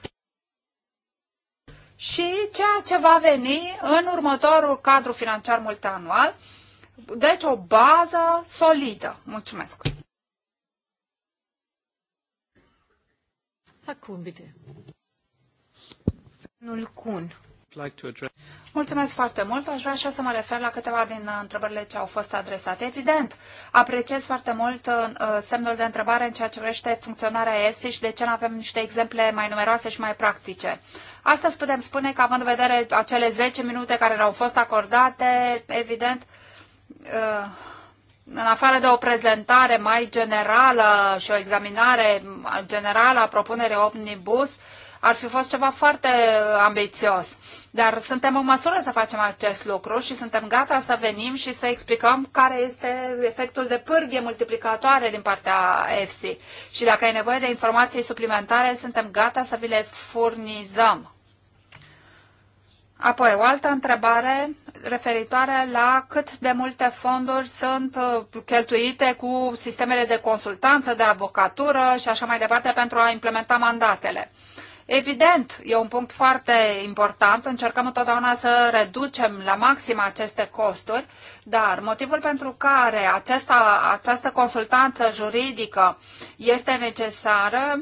și ceea ce va veni în următorul cadru financiar multianual, deci o bază solidă. Mulțumesc! Herr Kuhn, bitte. Domnul Kuhn. Mulțumesc foarte mult. Aș vrea și să mă refer la câteva din uh, întrebările ce au fost adresate. Evident, apreciez foarte mult uh, uh, semnul de întrebare în ceea ce vrește funcționarea EFSI și de ce nu avem niște exemple mai numeroase și mai practice. Astăzi putem spune că, având în vedere acele 10 minute care ne-au fost acordate, evident, uh, în afară de o prezentare mai generală și o examinare generală a propunerii Omnibus, ar fi fost ceva foarte ambițios. Dar suntem în măsură să facem acest lucru și suntem gata să venim și să explicăm care este efectul de pârghie multiplicatoare din partea EFSI. Și dacă ai nevoie de informații suplimentare, suntem gata să vi le furnizăm. Apoi, o altă întrebare referitoare la cât de multe fonduri sunt uh, cheltuite cu sistemele de consultanță, de avocatură și așa mai departe pentru a implementa mandatele. Evident, e un punct foarte important, încercăm întotdeauna să reducem la maxim aceste costuri, dar motivul pentru care aceasta, această consultanță juridică este necesară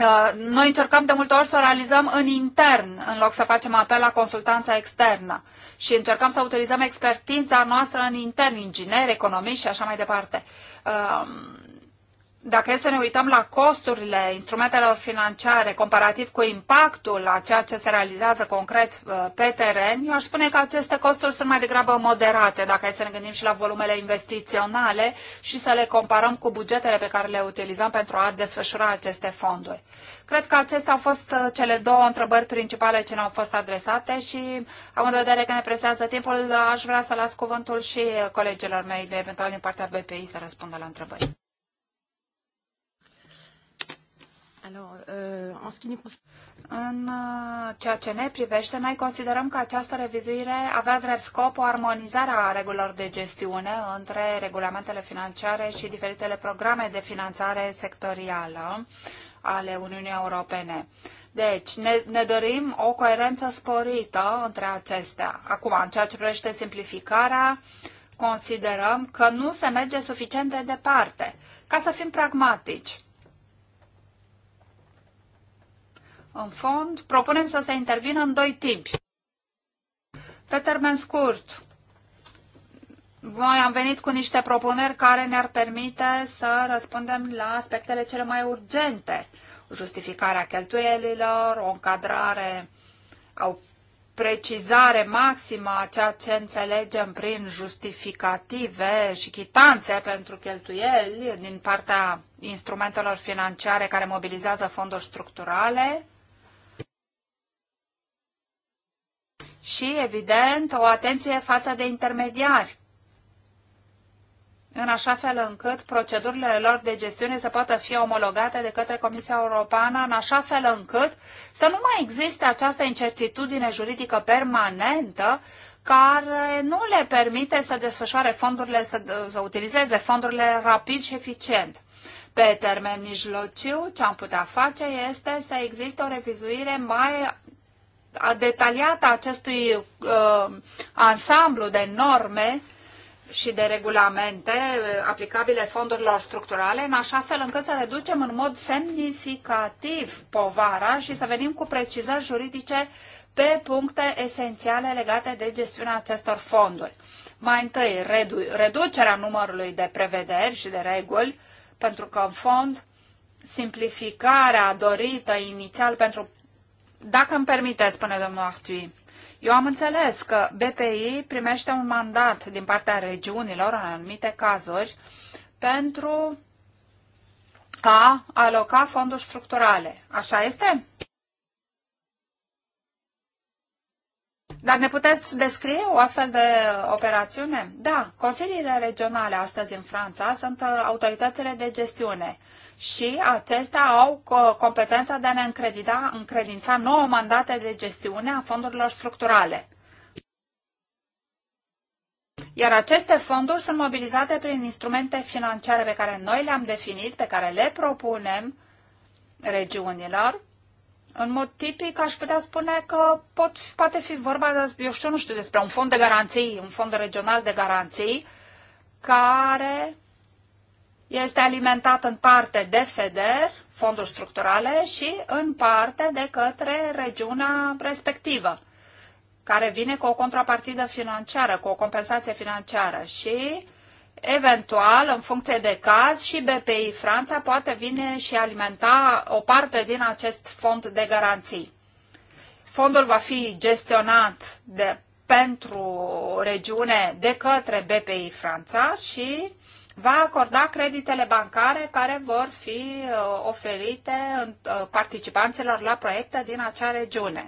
Uh, noi încercăm de multe ori să o realizăm în intern, în loc să facem apel la consultanța externă. Și încercăm să utilizăm expertința noastră în intern, ingineri, economiști și așa mai departe. Uh, dacă e să ne uităm la costurile instrumentelor financiare comparativ cu impactul la ceea ce se realizează concret uh, pe teren, eu aș spune că aceste costuri sunt mai degrabă moderate, dacă e să ne gândim și la volumele investiționale și să le comparăm cu bugetele pe care le utilizăm pentru a desfășura aceste fonduri. Cred că acestea au fost uh, cele două întrebări principale ce ne-au fost adresate și, având în vedere că ne presează timpul, uh, aș vrea să las cuvântul și colegilor mei, de eventual din partea BPI, să răspundă la întrebări. Euh, în uh, ceea ce ne privește, noi considerăm că această revizuire avea drept scop o armonizare a regulilor de gestiune între regulamentele financiare și diferitele programe de finanțare sectorială ale Uniunii Europene. Deci, ne, ne dorim o coerență sporită între acestea. Acum, în ceea ce privește simplificarea, considerăm că nu se merge suficient de departe. Ca să fim pragmatici, În fond, propunem să se intervină în doi timpi. Pe termen scurt, noi am venit cu niște propuneri care ne-ar permite să răspundem la aspectele cele mai urgente. Justificarea cheltuielilor, o încadrare, o precizare maximă a ceea ce înțelegem prin justificative și chitanțe pentru cheltuieli din partea instrumentelor financiare care mobilizează fonduri structurale, și, evident, o atenție față de intermediari, în așa fel încât procedurile lor de gestiune să poată fi omologate de către Comisia Europeană, în așa fel încât să nu mai existe această incertitudine juridică permanentă care nu le permite să desfășoare fondurile, să, să utilizeze fondurile rapid și eficient. Pe termen mijlociu, ce am putea face este să existe o revizuire mai detaliată a acestui uh, ansamblu de norme și de regulamente uh, aplicabile fondurilor structurale, în așa fel încât să reducem în mod semnificativ povara și să venim cu precizări juridice pe puncte esențiale legate de gestiunea acestor fonduri. Mai întâi, redu- reducerea numărului de prevederi și de reguli, pentru că, în fond, simplificarea dorită inițial pentru dacă îmi permiteți, spune domnul Ahtui, eu am înțeles că BPI primește un mandat din partea regiunilor, în anumite cazuri, pentru a aloca fonduri structurale. Așa este? Dar ne puteți descrie o astfel de operațiune? Da, consiliile regionale astăzi în Franța sunt uh, autoritățile de gestiune și acestea au uh, competența de a ne încredita, încredința nouă mandate de gestiune a fondurilor structurale. Iar aceste fonduri sunt mobilizate prin instrumente financiare pe care noi le-am definit, pe care le propunem regiunilor. În mod tipic, aș putea spune că pot, poate fi vorba, de, eu știu, nu știu, despre un fond de garanții, un fond regional de garanții, care este alimentat în parte de FEDER, fonduri structurale, și în parte de către regiunea respectivă, care vine cu o contrapartidă financiară, cu o compensație financiară și eventual, în funcție de caz, și BPI Franța poate vine și alimenta o parte din acest fond de garanții. Fondul va fi gestionat de, pentru regiune de către BPI Franța și uh, va acorda creditele bancare care vor fi uh, oferite uh, participanților la proiecte din acea regiune.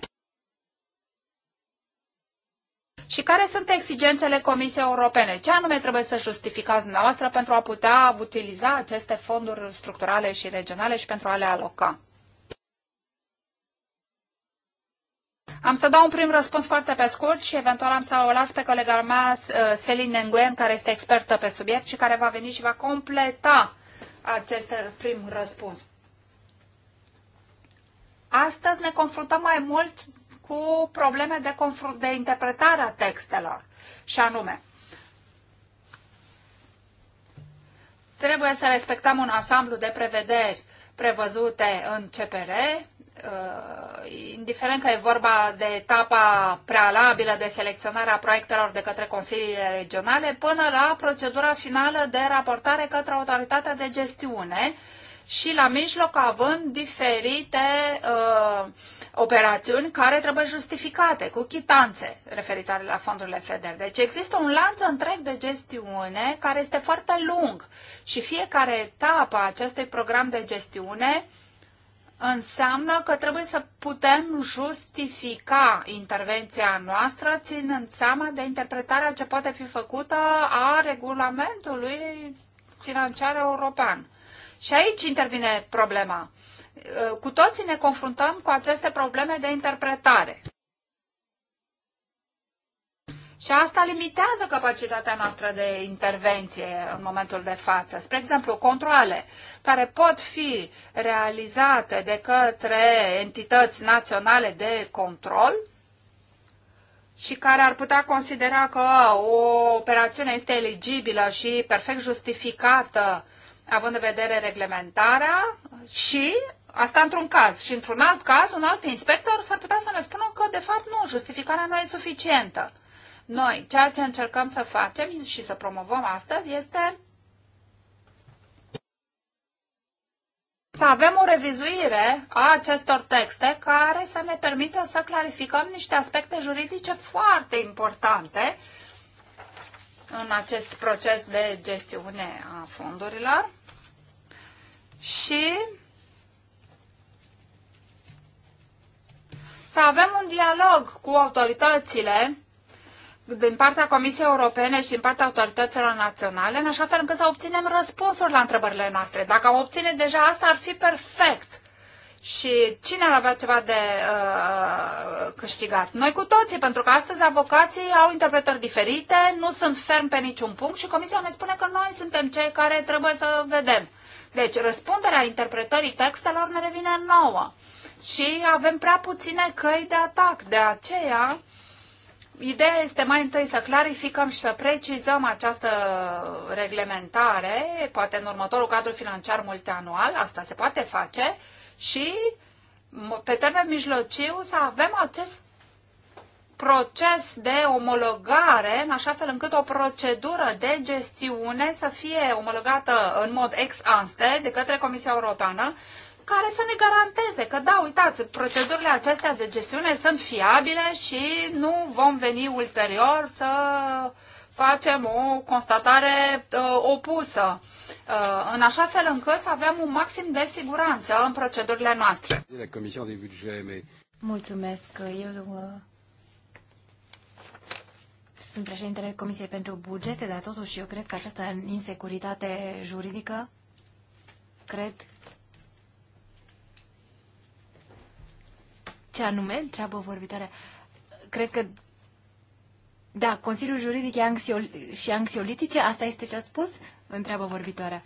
Și care sunt exigențele Comisiei Europene? Ce anume trebuie să justificați dumneavoastră pentru a putea utiliza aceste fonduri structurale și regionale și pentru a le aloca? Am să dau un prim răspuns foarte pe scurt și eventual am să o las pe colega mea, Selin uh, Nguyen, care este expertă pe subiect și care va veni și va completa acest prim răspuns. Astăzi ne confruntăm mai mult cu probleme de, de interpretare a textelor și anume, trebuie să respectăm un ansamblu de prevederi prevăzute în CPR, Uh, indiferent că e vorba de etapa prealabilă de selecționare a proiectelor de către consiliile regionale, până la procedura finală de raportare către autoritatea de gestiune și la mijloc având diferite uh, operațiuni care trebuie justificate cu chitanțe referitoare la fondurile FEDER. Deci există un lanț întreg de gestiune care este foarte lung și fiecare etapă a acestui program de gestiune uh, înseamnă că trebuie să putem justifica intervenția noastră ținând seama de interpretarea ce poate fi făcută a regulamentului financiar european. Și aici intervine problema. Cu toții ne confruntăm cu aceste probleme de interpretare. Și asta limitează capacitatea noastră de intervenție în momentul de față. Spre exemplu, controle care pot fi realizate de către entități naționale de control și care ar putea considera că o operațiune este eligibilă și perfect justificată având în vedere reglementarea și Asta într-un caz. Și într-un alt caz, un alt inspector s-ar putea să ne spună că, de fapt, nu, justificarea nu e suficientă. Noi, ceea ce încercăm să facem și să promovăm astăzi este să avem o revizuire a acestor texte care să ne permită să clarificăm niște aspecte juridice foarte importante în acest proces de gestiune a fondurilor și să avem un dialog cu autoritățile din partea Comisiei Europene și din partea autorităților naționale, în așa fel încât să obținem răspunsuri la întrebările noastre. Dacă am obține deja asta, ar fi perfect. Și cine ar avea ceva de uh, câștigat? Noi cu toții, pentru că astăzi avocații au interpretări diferite, nu sunt ferm pe niciun punct și Comisia ne spune că noi suntem cei care trebuie să vedem. Deci, răspunderea interpretării textelor ne revine nouă. Și avem prea puține căi de atac. De aceea, Ideea este mai întâi să clarificăm și să precizăm această reglementare, poate în următorul cadru financiar multianual, asta se poate face, și pe termen mijlociu să avem acest proces de omologare, în așa fel încât o procedură de gestiune să fie omologată în mod ex ante de către Comisia Europeană care să ne garanteze că, da, uitați, procedurile acestea de gestiune sunt fiabile și nu vom veni ulterior să facem o constatare uh, opusă, uh, în așa fel încât să avem un maxim de siguranță în procedurile noastre. Mulțumesc. Eu uh, sunt președintele Comisiei pentru Bugete, dar totuși eu cred că această insecuritate juridică cred Ce anume? Întreabă vorbitoarea. Cred că, da, Consiliul Juridic e anxiol- și anxiolitice, asta este ce a spus? Întreabă vorbitoarea.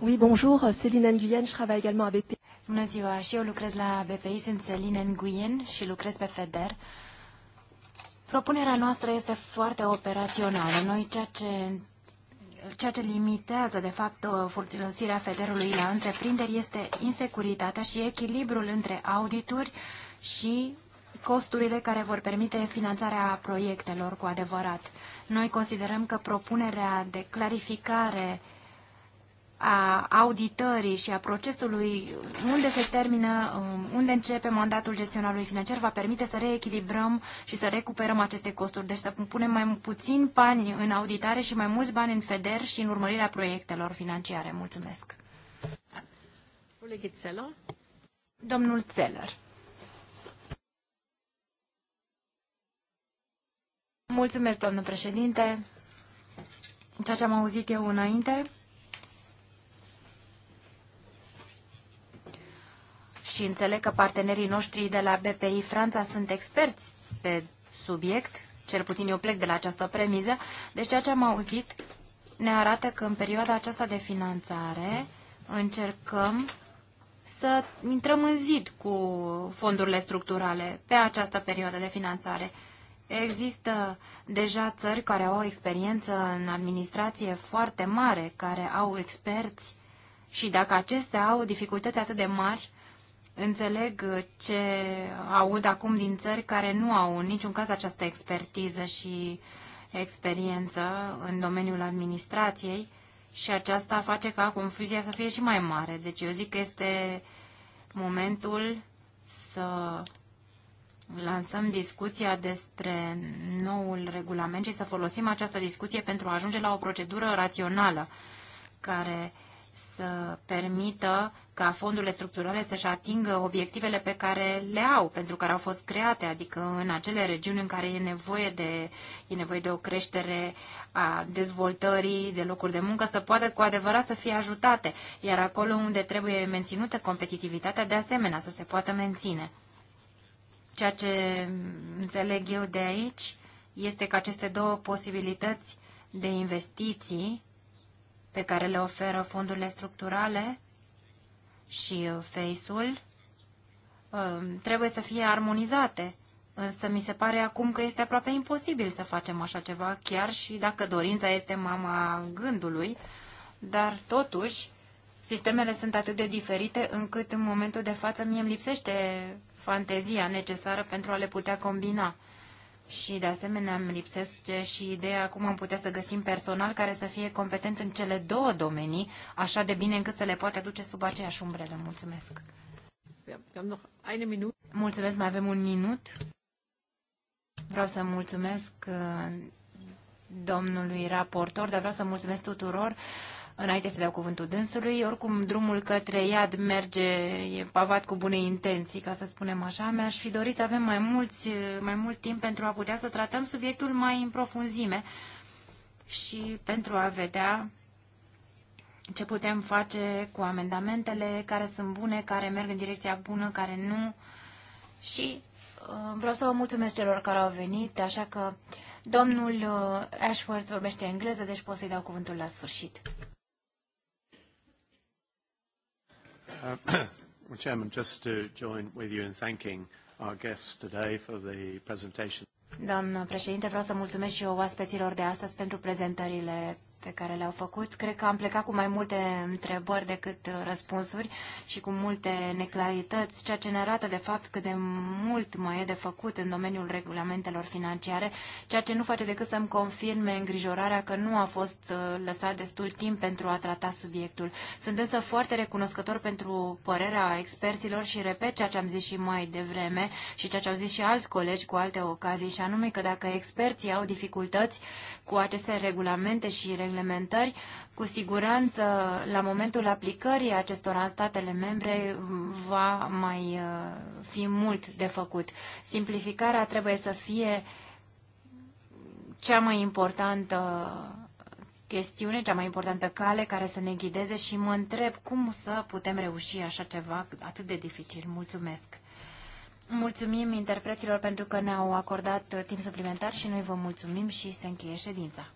Oui, bonjour, Céline Nguyen, je travaille également à BPI. Bună ziua, și eu lucrez la BPI, sunt Céline Nguyen și lucrez pe FEDER. Propunerea noastră este foarte operațională. Noi ceea ce ceea ce limitează, de fapt, uh, folosirea federului la întreprinderi este insecuritatea și echilibrul între audituri și costurile care vor permite finanțarea proiectelor cu adevărat. Noi considerăm că propunerea de clarificare a auditării și a procesului unde se termină, um, unde începe mandatul gestionarului financiar, va permite să reechilibrăm și să recuperăm aceste costuri. Deci să punem mai puțin bani în auditare și mai mulți bani în FEDER și în urmărirea proiectelor financiare. Mulțumesc. Domnul Zeller. Mulțumesc, doamnă președinte. Ceea ce am auzit eu înainte și înțeleg că partenerii noștri de la BPI Franța sunt experți pe subiect, cel puțin eu plec de la această premiză, deci ceea ce am auzit ne arată că în perioada aceasta de finanțare încercăm să intrăm în zid cu fondurile structurale pe această perioadă de finanțare. Există deja țări care au o experiență în administrație foarte mare, care au experți și dacă acestea au dificultăți atât de mari, Înțeleg uh, ce aud acum din țări care nu au în niciun caz această expertiză și experiență în domeniul administrației și aceasta face ca confuzia să fie și mai mare. Deci eu zic că este momentul să lansăm discuția despre noul regulament și să folosim această discuție pentru a ajunge la o procedură rațională care să permită ca fondurile structurale să-și atingă obiectivele pe care le au, pentru care au fost create, adică în acele regiuni în care e nevoie de, e nevoie de o creștere a dezvoltării de locuri de muncă, să poată cu adevărat să fie ajutate, iar acolo unde trebuie menținută competitivitatea, de asemenea, să se poată menține. Ceea ce înțeleg eu de aici este că aceste două posibilități de investiții pe care le oferă fondurile structurale și uh, Face-ul uh, trebuie să fie armonizate. Însă mi se pare acum că este aproape imposibil să facem așa ceva, chiar și dacă dorința este mama gândului, dar totuși sistemele sunt atât de diferite încât în momentul de față mie îmi lipsește fantezia necesară pentru a le putea combina. Și, de asemenea, îmi lipsește și ideea cum am putea să găsim personal care să fie competent în cele două domenii, așa de bine încât să le poate duce sub aceeași umbrelă. Mulțumesc! Mulțumesc, mai avem un minut. Vreau să mulțumesc uh, domnului raportor, dar vreau să mulțumesc tuturor înainte să dea cuvântul dânsului. Oricum, drumul către iad merge, e pavat cu bune intenții, ca să spunem așa. Mi-aș fi dorit să avem mai, mulți, mai mult timp pentru a putea să tratăm subiectul mai în profunzime și pentru a vedea ce putem face cu amendamentele care sunt bune, care merg în direcția bună, care nu. Și uh, vreau să vă mulțumesc celor care au venit, așa că domnul uh, Ashworth vorbește engleză, deci pot să-i dau cuvântul la sfârșit. well, uh, Chairman, just to join with you in thanking our guests today for the presentation. Doamnă președinte, vreau să mulțumesc și eu oaspeților de astăzi pentru prezentările pe care le-au făcut. Cred că am plecat cu mai multe întrebări decât răspunsuri și cu multe neclarități, ceea ce ne arată de fapt cât de mult mai e de făcut în domeniul regulamentelor financiare, ceea ce nu face decât să-mi confirme îngrijorarea că nu a fost uh, lăsat destul timp pentru a trata subiectul. Sunt însă foarte recunoscător pentru părerea experților și repet ceea ce am zis și mai devreme și ceea ce au zis și alți colegi cu alte ocazii, și anume că dacă experții au dificultăți, cu aceste regulamente și reglementări, cu siguranță la momentul aplicării acestora în statele membre va mai uh, fi mult de făcut. Simplificarea trebuie să fie cea mai importantă chestiune, cea mai importantă cale care să ne ghideze și mă întreb cum să putem reuși așa ceva atât de dificil. Mulțumesc! Mulțumim interpreților pentru că ne-au acordat timp suplimentar și noi vă mulțumim și se încheie ședința.